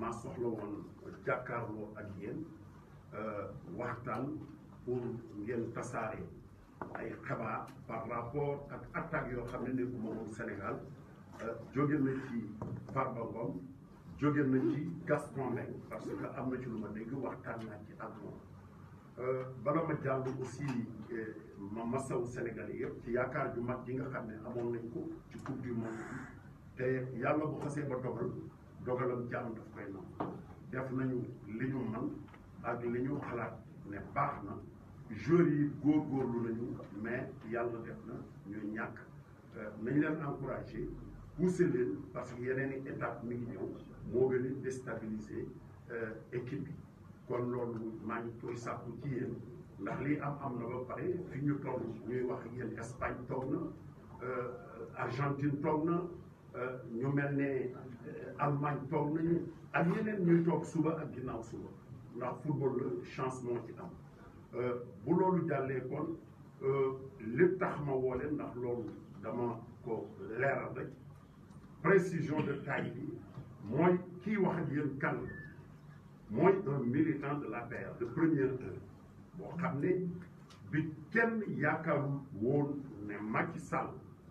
maa soxla woon jàkkaarloo ak yéen euh, waxtaan pour ngeen tasaare ay xabaar par rapport ak attaque yoo xam ne nekkuma woon Sénégal euh, jóge na ci Farba Ngom parce que am na ci lu ma waxtaan naa ci ak moom euh, bala ma jàll aussi ma masawu Sénégalais yëpp ci yaakaar ju mag ji nga xam ne amoon nañ ko ci coupe du monde te yàlla bu xasee ba dogalam ci am daf koy nangu def nañu li ñu man ak li ñu xalaat ne baax na joueurs yi góorgóorlu nañu mais yàlla def na ñuy ñàkk euh, nañ leen encouragé pousser leen parce que yeneen i étape mi ngi ñëw moo gën a déstabiliser euh, équipe bi kon loolu maa ngi koy sàkku ci yéen ndax lii am am na ba pare fi ñu toll ñuy wax yéen Espagne toog na euh, Argentine toog na nous mel ne euh, Allemagne toog ak yeneen ñuy toog suba ak ginnaaw football la chance moo ci am euh, bu kon euh, tax ma woole ndax loolu dama ko leeral rek précision de taille bi mooy wax ak kan un militant de paix de première heure boo xam bi kenn yaakaarul ne Macky Sall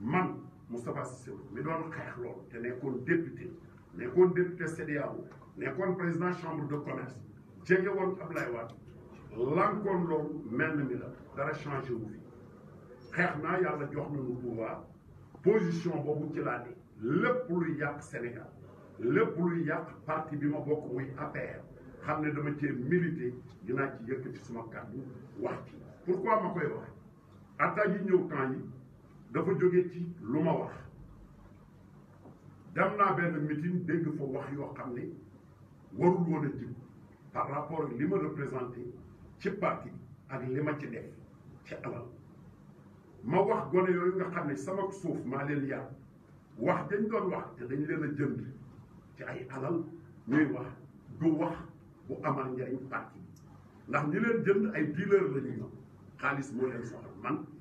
man Moustapha mi doon te nekkoon député nekkoon député CDAO président chambre de commerce jege woon Ablaye Wade lankoon mel na mi la dara changé wu fi xeex pouvoir position boobu ci laa le lépp luy Sénégal le luy yàq parti bi bokk muy APR xam dama milité dinaa ci yëkkati pourquoi ma koy dafa jóge ci lu ma wax dem naa benn meeting dégg fa wax yoo xam ne warul woon a jib par rapport li ma représenté ci parti ak li ma ci def ci alal ma wax gone yooyu nga xam ne sama suuf maa leen yar wax dañ doon wax te dañ leen a jënd ci ay alal ñuy wax du wax bu amal njariñ parti ndax ñi leen jënd ay dealer la ñu xaalis moo leen soxal man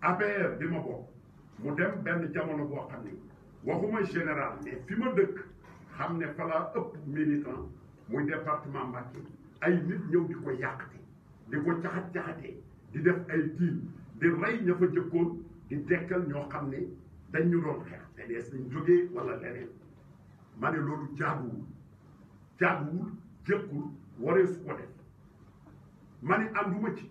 APR bi ma bokk mu dem benn jamono boo xam ni waxuma général mais fi ma dëkk xam ne fa laa ëpp militant muy département Mbacké ay nit ñëw di ko yàqte di ko caxat-caxatee di def ay diin di rey ña jëkkoon di dekkal ñoo xam ne dañ ñu doon xeex te dees nañ jógee wala leneen ma ne loolu jaaduwul jaaduwul jëkkul waree su ko def ma ne ànduma ci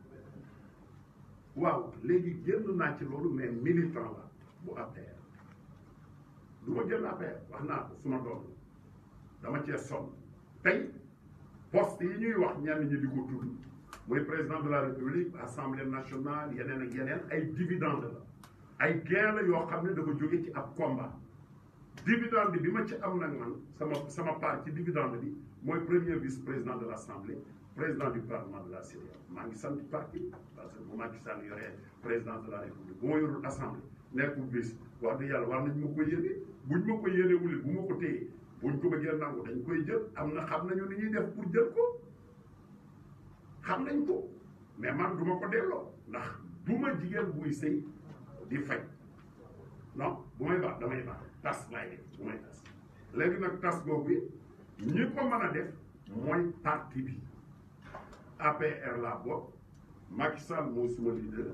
waaw léegi génn naa ci loolu mais militant la bu APR du ma génn APR wax naa ko suma doom dama cee son tey poste yi ñuy wax ñenn ñi di ko tudd mooy président de la république assemblée nationale yeneen ak yeneen ay dividende la ay gain la yoo xam ne dafa jóge ci ab combat dividende bi ma ci am nag man sama sama part ci dividende bi mooy premier vice président de l' assemblée président du parlement de la CEDEAO Mangi ngi sant parti parce que bu Macky Sall yoree président de la république bu ma yorul assemblée nekkul bis war dëgg yalla war nañ ma ko yéene buñ ma ko yéene wuli bu ma ko téye buñ ko bëggee nangu dañ koy jël am na xam nañu ni ñuy def pour jël ko xam nañ ko mais man duma ko delloo ndax duma ma jigéen buy sëy di faj non bu may baax damay baax tas laay def bu may tas léegi nag tas googu ñi ko mën a def mooy parti bi APR laa bokk Macky mooy suma leader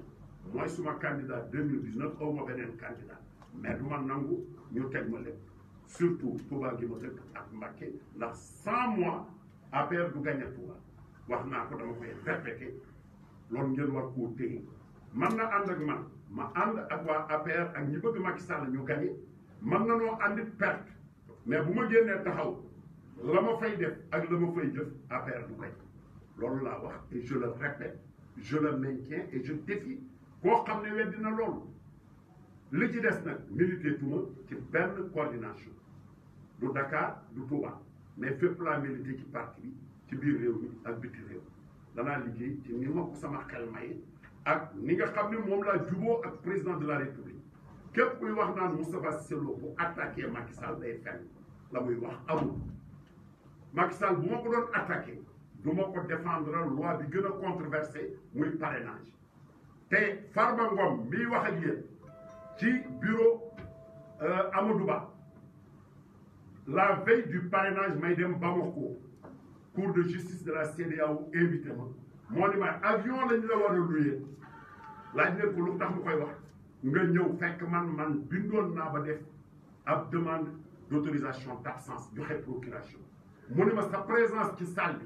mooy suma candidat 2019 ma beneen candidat mais du ma nangu ñu teg ma lépp surtout Touba gi ma dëkk ak Mbacké ndax sans moi APR du gagné Touba wax naa ko dama koy répété loolu ngeen war koo téye man nga ànd ak man ma ànd ak waa APR ak ñi bëgg Macky Sall ñu gagné man na noo àndi perte mais bu ma génnee taxaw la ma fay def ak la ma fay jëf APR du gagné loolu laa wax et je le répète je le maintiens et je défie koo xam ne weddi na loolu li ci des nag milité tuma ci benn coordination du Dakar du Touba mais fépp laa milité ci parti bi ci biir réew mi ak biti réew danaa liggéey ci ni ma ko sama xel maye ak ni nga xam ne moom laa juboo ak président de la république képp kuy wax naan Moustapha Sello Lo bu attaqué Macky Sall day fenn la muy wax amul Macky Sall bu ma ko doon attaqué du ma ko défendre loi bi gëna a controversé muy parrainage Té Farba Ngom mi wax ak yeen ci bureau euh, Amadou Ba la veille du parrainage may dem Bamako cour de justice de la CEDEAO invité ma moo ni ma avion lañu la war a luyee laaj ne ko lu tax mu koy wax nga ñëw fekk man man bindoon naa ba def ab demande d'autorisation d'absence d' joxe procuration mu ni ma sa présence ci salle bi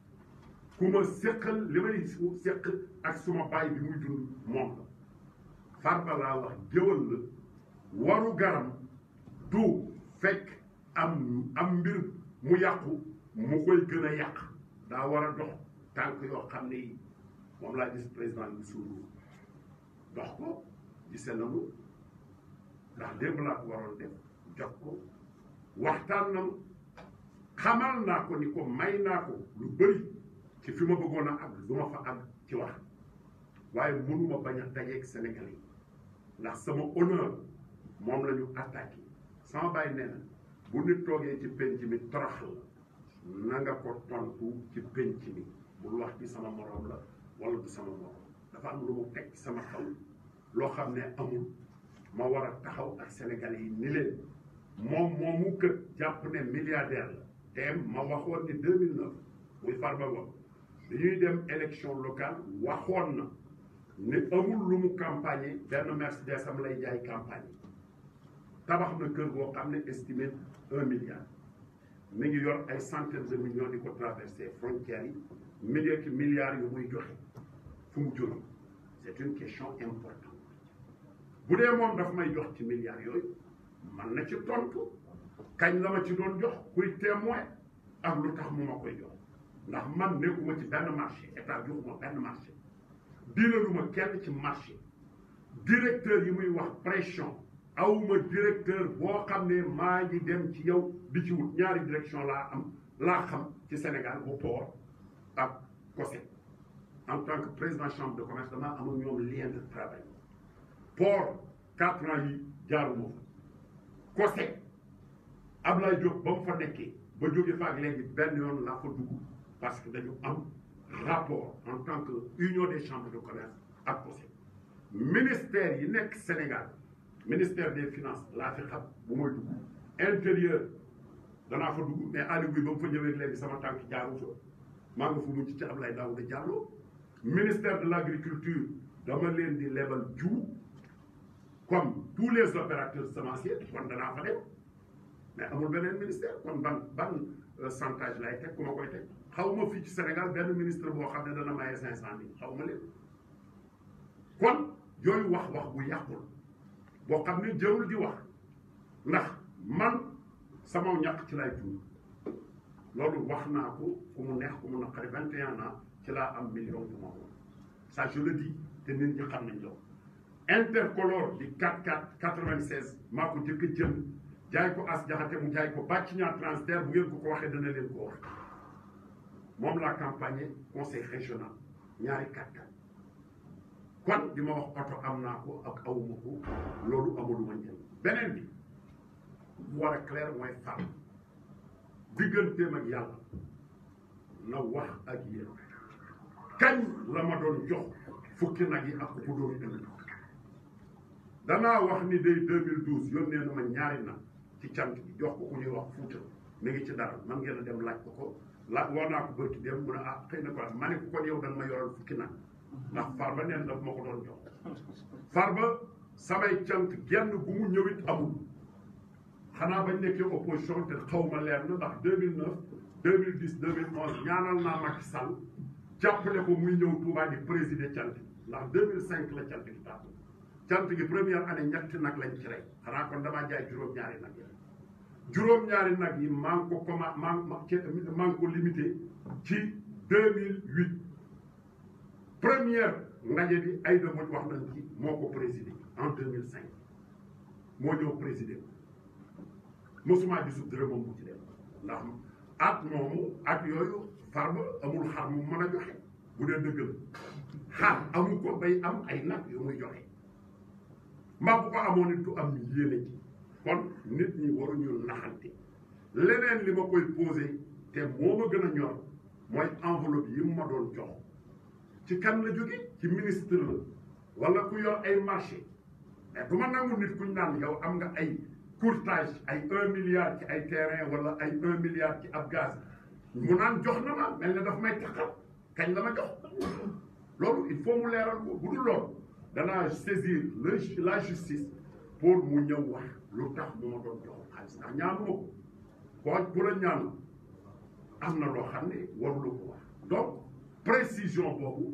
ku ma séqal li may séq ak suma baay bi muy dund moom la Farba laa wax géwël la waru garam du fekk am mbir mu yàqu mu koy gën a yàq daa war a dox tànk yoo xam ni yi moom laa gis président bi suuru dox ko gisee nanu ndax démb laa ko waroon def jox ko waxtaan nanu xamal naa ko ni ko may naa ko lu bëri ci fi ma bëggoon a àgg du ma fa àgg ci wax waaye mënuma bañ a dajeeg Sénégal yi ndax sama honneur moom la ñu attaqué sama bàyyi nee na bu nit toogee ci penc mi torox la na nga ko tontu ci penc mi bul wax ci sama morom la wala du sama morom dafa am lu mu teg sama xaw loo xam ne amul ma war a taxaw ak Sénégalais yi ni leen moom moomu kër jàpp ne milliardaire la te ma waxoon ni 2009 muy Farba Ngom bi dem élection locale waxoon na ne amul lu mu campagne benn Mercedes am lay jaay campagne tabax na kër goo xam ne estimé un milliard mi ngi yor ay centaines de millions di ko traversé frontières yi milliers milliards yu muy joxe fu mu juróom c'est une question importante bu dee moom daf may jox ci milliards yooyu man na ci tontu kañ la ma ci doon jox kuy témoin ak lu tax mu ma koy jox je man ci marché marché marché directeur pression awuma directeur boo ngi dem ci yow di direction laa am xam ci Sénégal bu port en tant que président chambre de commerce ñoom lien de travail port quatre ans yi Ablaye Diop fa ba parce que dañu am rapport en tant que union des chambres de commerce à Le ministère yi nekk Sénégal ministère des finances la fi bu mooy intérieur dans fa dugg mais à bi ba mu fa ñëwee léegi sama tànk jaaru fa maa ngi fa mujj ci Ablaye Daouda ministère de l'Agriculture dans dama leen di lebal jiw comme tous les opérateurs semenciers quand dans fa dem mais amul beneen ministère comme ban ban santage euh, lay teg ku ma koy xaw ma fii ci Sénégal benn ministre boo xam ne dana maye cinq cent mille xaw ma kon yooyu wax wax bu yàqul boo xam ne jërul di wax ndax man sama ñàkk ci lay tuur loolu wax naa ko ku mu neex ku mu naqari vingt et un ans ci laa am million bu ma woon ça je le dis te nit ñi xam nañ loolu intercolore di 4 4 96 maa ko jaay ko as jaxate mu jaay ko bàcc ñaar transfert bu ngeen ko ko waxee dana leen ko moom laa campagne conseil régional ñaari kàttan kon di ma wax oto am naa ko ak awuma ko loolu amuluma njëriñ beneen bi mu war a clair mooy fàmm digganteem ak yàlla na wax ak yéen kañ la ma doon jox fukki nag yi ak bu doon ëllëg danaa wax ni day 2012 yónnee na ma ñaari nag ci cant bi jox ko ku ñuy wax fuuta mi ngi ci dara man ngeen a dem laaj ko ko la war naa ko bëri dem mu ne ah, xëy na quoi ma ne ko kon yow da nga ma yoral fukki nag ndax Farba neen daf ma ko doon jox Farba samay cant genn gu mu ñëwit amul xanaa bañ nekkee opposition te xaw ma leer na ndax 2009 2010 2011 ñaanal naa Macky Sall jàppale ko muy ñëw Touba di présider cant ndax 2005 la cant gi tàmbali cant gi première année ñetti nag lañ ci rey xanaa kon damaa jaay juróom-ñaari nag juróom-ñaari nag yi maa ngi ko comment maa ngi ko limité ci 2008 première ndaje bi ay Mbodj wax nañ ci moo ko en 2005 moo ñëw président. mosuma gisul dërëmam bu ci dem ndax at moomu at yooyu farba amul xar mu mën a joxe bu dee dëgg la xar amu ko bay am ay nag yu muy joxe mbaa ko amoon it du am yéene ci kon nit ñi waruñu naxante leneen li ma koy posé te moo ma gën a ñor mooy enveloppe yi mu ma doon jox ci kan la jóge ci ministre la wala ku yor ay marché mais du ma nangu nit kuñ naan yow am nga ay courtage ay un milliard ci ay terrain wala ay un milliard ci ab gaz mu naan jox na ma mel ne daf may taxal kañ la ma jox loolu il faut mu leeral ko bu dul loolu danaa saisir la justice pour mu ñëw wax lu tax mu ma doon joxul xaalis ndax ñaanu ma ko ku ñaanu am na loo xam ne waruloo ko wax donc précision boobu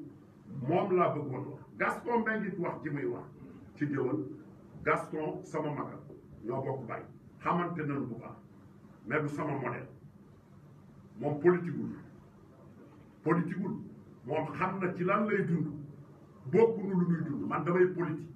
moom laa bëggoon wax Gaston Mbengue it wax ji muy wax ci jëwal Gaston sama magal ñoo bokk bàyyi xamante nañu bu baax mais du sama modèle moom politiqueul politiqueul moom xam na ci lan lay dund bokkuñu lu muy dund man damay politique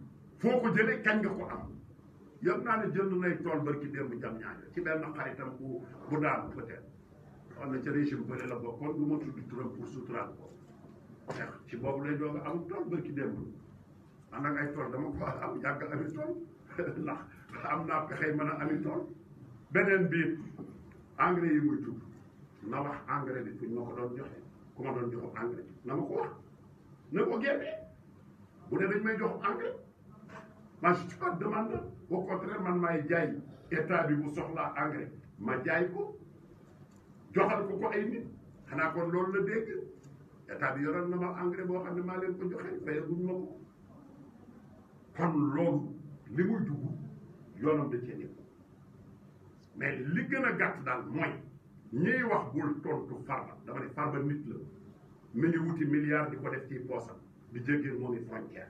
foo ko jëlee kañ nga ko am yëpp naa ne jënd nay tool barki démb jam ñaaño ci benn xaritam bu bu daan peut-être xam na ca régime bële la bokkoon du ma tudd pour suturaal ko ci boobu lay doog am tool barki démb man nag ay tool dama ko am yàgg ami tool ndax am naa pexey man a ami tool beneen biir engrais yi muy tudd na wax engrais bi fu ñu ma ko doon joxe ku ma doon jox engrais na ma ko wax na ko génnee bu ne dañ may jox engrais man je suis pas demandeur au contraire man jaay état bi bu soxlaa engrais ma jaay ko joxal ko ko ay nit xanaa kon loolu la dégg état bi yoral na ma engrais boo xam ne maa leen ko joxe fayaguñ ma ko kon loolu li muy dugg yoonam da cee mais li gën a gàtt daal mooy ñuy wax bul tontu farba dama ne farba nit la mi ngi wuti milliard di ko def ci poosam di jéggee moom i frontière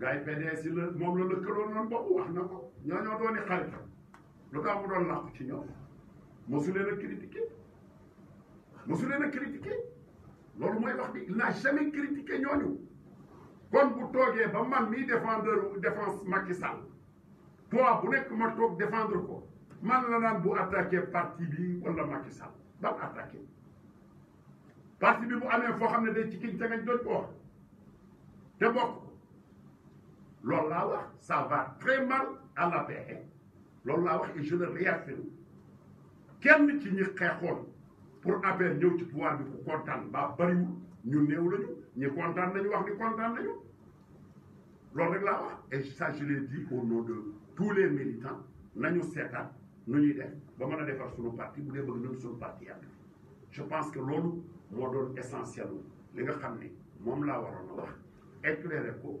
gars yi PDS yi la moom la lëkkaloo noonu boobu wax na ko ñoo ñoo doon xaritam lu tax mu doon làqu ci ñoom mosu leen a critiquer mosu leen a critiquer loolu mooy wax bi il n'a jamais critiqué ñooñu kon bu toogee ba man mii défendeur défense Macky Sall toi bu nekk ma toog défendre ko man la naan bu attaqué parti bi wala Macky Sall ba mu attaqué parti bi bu amee foo xam ne day ci kiñ tegañ doon ko wax te bokk loolu laa wax ça va très mal à l'APR loolu laa wax et je le réaffirme kenn ci ñi xeexoon pour APR ñëw ci pouvoir bi ko contane ba bari wu ñu néew lañu ñi contane nañu wax di contane nañu loolu rek la wax et ça je l'ai dit au nom de tous les militants nañu sétat nu ñuy def ba mëna défar defar suñu parti bu dé bëgg ñu suñu parti yàgg je pense que lolu moo doon essentiel li nga xam mom la laa waroon a wax éclairer ko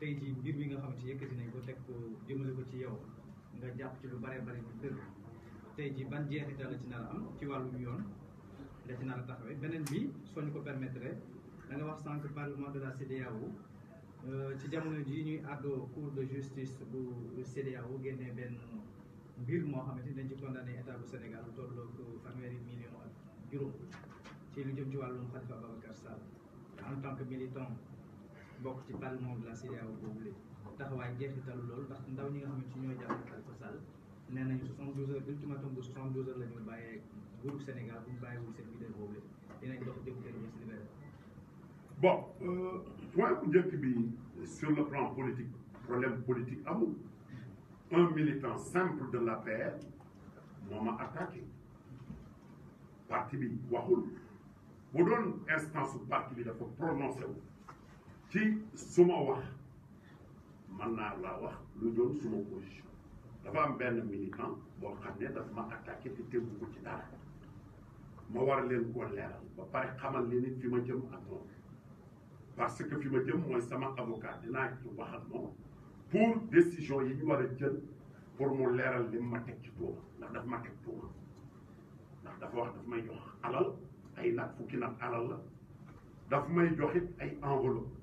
tey jii mbir mi nga xamante yëkkati nañ ko teg ko jëmale ko ci yow nga jàpp ci lu bare bare bu tër tey jii ban jeexital la ci nar am ci wàllum yoon la ci nar a taxawee beneen bi soo ñu ko permettre da nga wax sànq parlement de la CEDEAO euh, ci jamono jii ñuy àddoo cour de justice bu CEDEAO génnee benn mbir moo xamante dañ ci condamné état bu Sénégal lu tolloog fanweeri million ak juróom ci lu jëm ci wàllum Khalifa Babacar Sall en tant que bokk ci parlement de la CEDEAO boobule taxawaay jeexitalu loolu ndax ndaw ñi nga xamante ni ñooy jàpp Khalifa sal. nee nañu 72 heures ultimatum de 72 heures la ñu bàyyee groupe Sénégal bu ñu wu seen vidéo boobule dinañ dox jëm kenn ñu si libéré. bon point euh, bu jëk bi sur le plan politique problème politique amul un militant simple de paix, moo ma attaqué parti bi waxul bu doon instance parti bi dafa prononcé wu ci suma wax man naa la wax lu doon suma position dafa am benn militant boo xam ne daf ma attaqué te tegu ko ci dara ma war leen koo leeral ba pare xamal leen ni fi ma jëm ak moom parce que fi ma jëm mooy sama avocat dinaa ci wax ak moom pour décision yi ñu war a jël pour mu leeral li ma teg ci tuuma ndax daf ma teg tuuma ndax dafa wax daf may jox alal ay nag fukki nag alal la daf may joxit ay enveloppe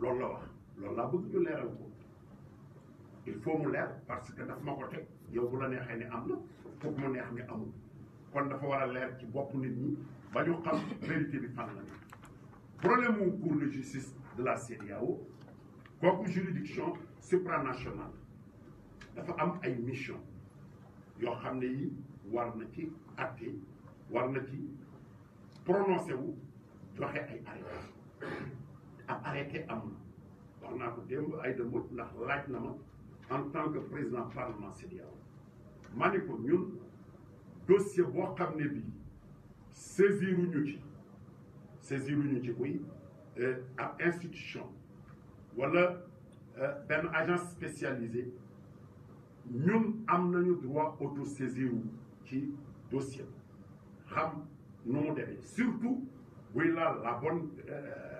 loolu la wax loolu laa bëgg ñu leeral ko il faut mu leer parce que daf ma ko teg yow bu la neexee ni am na foog mu neex ni amul kon dafa war a leer ci bopp nit ñi ba ñu xam vérité bi fan la nekk problème mu cour de justice de la CEDEAO kooku juridiction supranationale dafa am ay mission yoo xam ne yi war na ci atte war na ci prononcé wu joxe ay arrêté à arrêter amul ay de en tant que président parlement sénégalais. Maniko, dossier boo xam ne une saisiruñu saisir une ci oui à euh, institution voilà euh, ben agence spécialisée nous avons le droit saisir ci dossier ram non mu surtout voilà là, la bonne euh,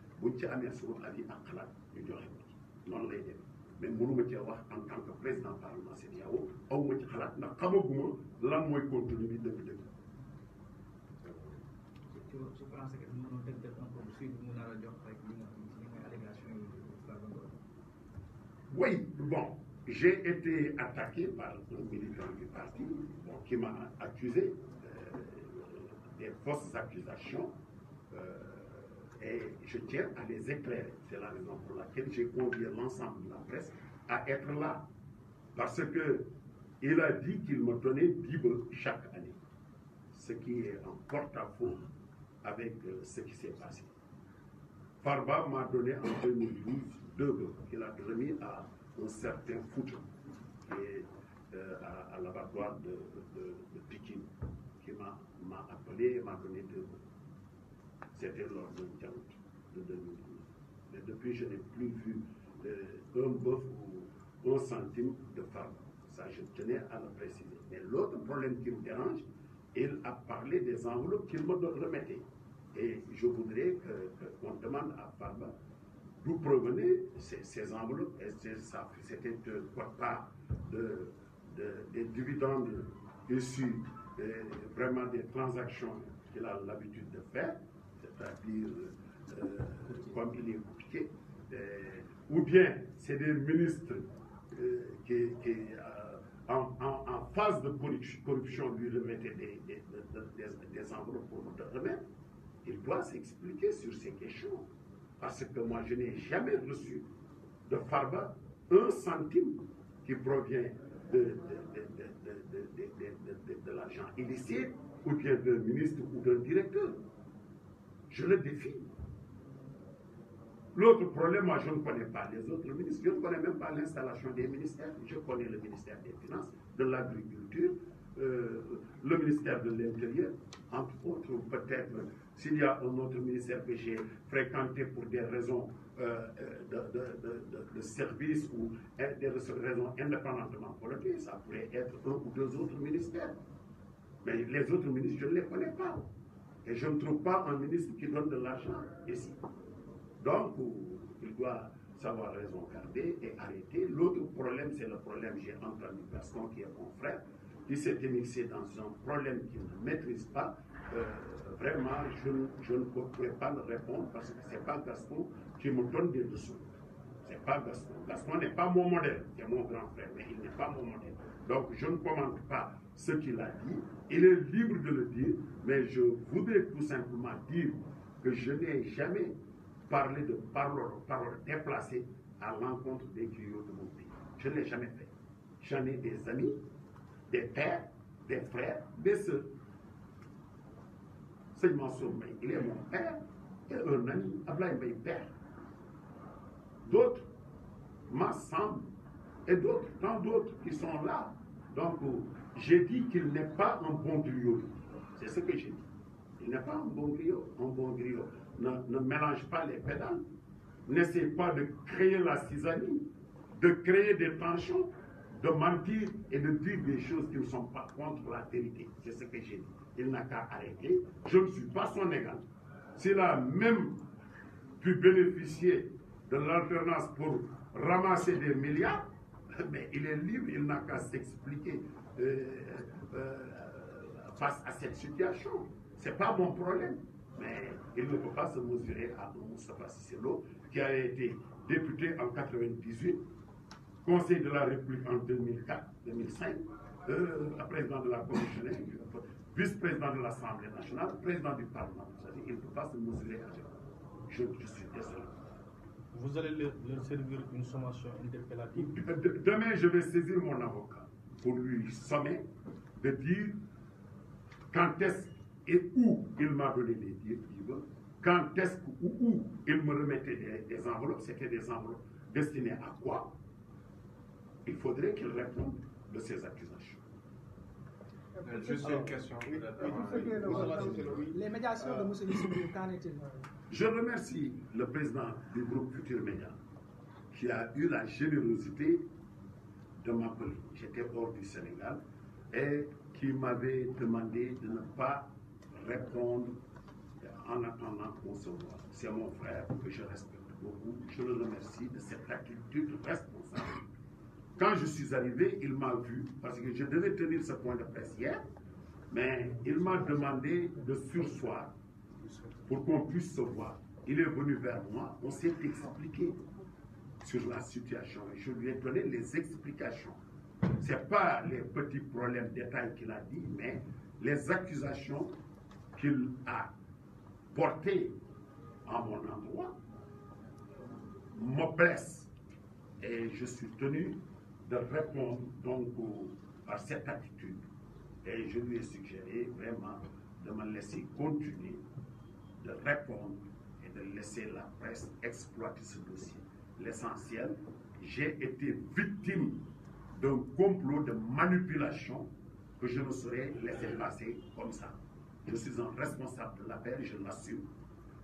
oui bon j'ai été attaqué par un militant du parti qui m'a accusé euh, des fausses accusations. Euh, et je tiens à les éclairer. C'est la raison pour laquelle j'ai convié l'ensemble de la presse à être là. Parce que il a dit qu'il me donnait 10 chaque année. Ce qui est en porte-à-faux avec euh, ce qui s'est passé. Farba m'a donné en 2012 deux Il a remis à un certain foot qui est euh, à, l'abattoir de, Pékin, qui m'a appelé et m'a donné deux c'était lors d'une de 2012. Mais depuis, je n'ai plus vu euh, un bœuf ou un centime de femme. Ça, je tenais à le préciser. Mais l'autre problème qui me dérange, il a parlé des enveloppes qu'il me remettait. Et je voudrais qu'on demande à Farba d'où provenaient ces, enveloppes. C'était quoi de, des dividendes issus euh, vraiment des transactions qu'il a l'habitude de faire c'est-à-dire comme il est compliqué, ou bien c'est des ministres qui, en, phase de corruption lui remettaient des, des, enveloppes pour le remettre, il doit s'expliquer sur ces questions. Parce que moi, je n'ai jamais reçu de Farba un centime qui provient de, de, de, de l'argent illicite ou bien d'un ministre ou d'un directeur. Je le défie. L'autre problème, moi, je ne connais pas les autres ministres. Je ne connais même pas l'installation des ministères. Je connais le ministère des Finances, de l'Agriculture, euh, le ministère de l'Intérieur, entre autres, peut-être, s'il y a un autre ministère que j'ai fréquenté pour des raisons euh, de, service ou des raisons indépendamment politiques, ça pourrait être un ou deux autres ministères. Mais les autres ministres, je ne les connais pas. Et je ne trouve pas un ministre qui donne de l'argent ici. Donc, il doit savoir raison garder et arrêter. L'autre problème, c'est le problème, j'ai entendu Gaston qui est mon frère, qui s'est émissé dans un problème qu'il ne maîtrise pas. Euh, vraiment, je, ne pourrais pas me répondre parce que ce n'est pas Gaston qui me donne des dessous. Ce n'est pas Gaston. Gaston n'est pas mon modèle, c'est mon grand frère, mais il n'est pas mon modèle. Donc, je ne commande pas ce qu'il a dit. Il est libre de le dire, mais je voudrais tout simplement dire que je n'ai jamais parlé de paroles, paroles déplacées à l'encontre des tuyaux de mon pays. Je ne l'ai jamais fait. J'en ai des amis, des pères, des frères, des sœurs. Seigneur Sommeil, il est mon père et un ami, Ablaï mes père. D'autres m'assemblent et d'autres, tant d'autres qui sont là donc, j'ai dit qu'il n'est pas un bon griot. C'est ce que j'ai dit. Il n'est pas un bon griot. Un bon griot ne, mélange pas les pédales. N'essaie pas de créer la cisanie, de créer des tensions, de mentir et de dire des choses qui ne sont pas contre la vérité. C'est ce que j'ai dit. Il n'a qu'à arrêter. Je ne suis pas son égal. S'il a même pu bénéficier de l'alternance pour ramasser des milliards, mais il est libre, il n'a qu'à s'expliquer euh, euh, face à cette situation. Ce n'est pas mon problème. Mais il ne peut pas se mesurer à Moussa qui a été député en 98 conseil de la République en 2004-2005, euh, président de la Commission, vice-président de l'Assemblée nationale, président du Parlement. Il ne peut pas se mesurer à Je, je suis désolé. Vous allez leur, servir une sommation interpellative Demain, je vais saisir mon avocat pour lui sommer de dire quand est-ce et où il m'a donné les directives, quand est-ce ou où il me remettait des, des enveloppes, c'était des enveloppes destinées à quoi Il faudrait qu'il réponde de ces accusations. Euh, je remercie le président du groupe Futur Média qui a eu la générosité de m'appeler. J'étais hors du Sénégal et qui m'avait demandé de ne pas répondre en attendant qu'on se voit. C'est mon frère que je respecte beaucoup. Je le remercie de cette attitude responsable. Quand je suis arrivé, il m'a vu, parce que je devais tenir ce point de presse hier, mais il m'a demandé de sursoir pour qu'on puisse se voir. Il est venu vers moi, on s'est expliqué sur la situation et je lui ai donné les explications. Ce n'est pas les petits problèmes détails qu'il a dit, mais les accusations qu'il a portées à mon endroit me blessent et je suis tenu de répondre donc par cette attitude. Et je lui ai suggéré vraiment de me laisser continuer de répondre et de laisser la presse exploiter ce dossier. L'essentiel, j'ai été victime d'un complot de manipulation que je ne saurais laisser passer comme ça. Je suis un responsable de l'appel, je l'assume.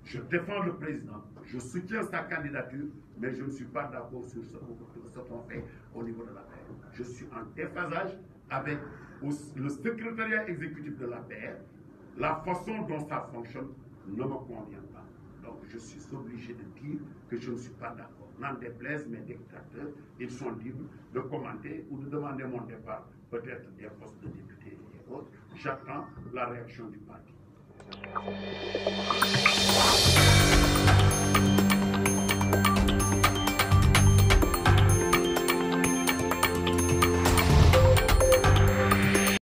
Je défends le président, je soutiens sa candidature, mais je ne suis pas d'accord sur ce, qu'on fait au niveau de la paix. Je suis en déphasage avec le secrétariat exécutif de la paix. La façon dont ça fonctionne ne me convient pas. Donc je suis obligé de dire que je ne suis pas d'accord. N'en déplaise mes dictateurs, ils sont libres de commenter ou de demander mon départ, peut-être des postes de députés et autres. J'attends la réaction du parti. you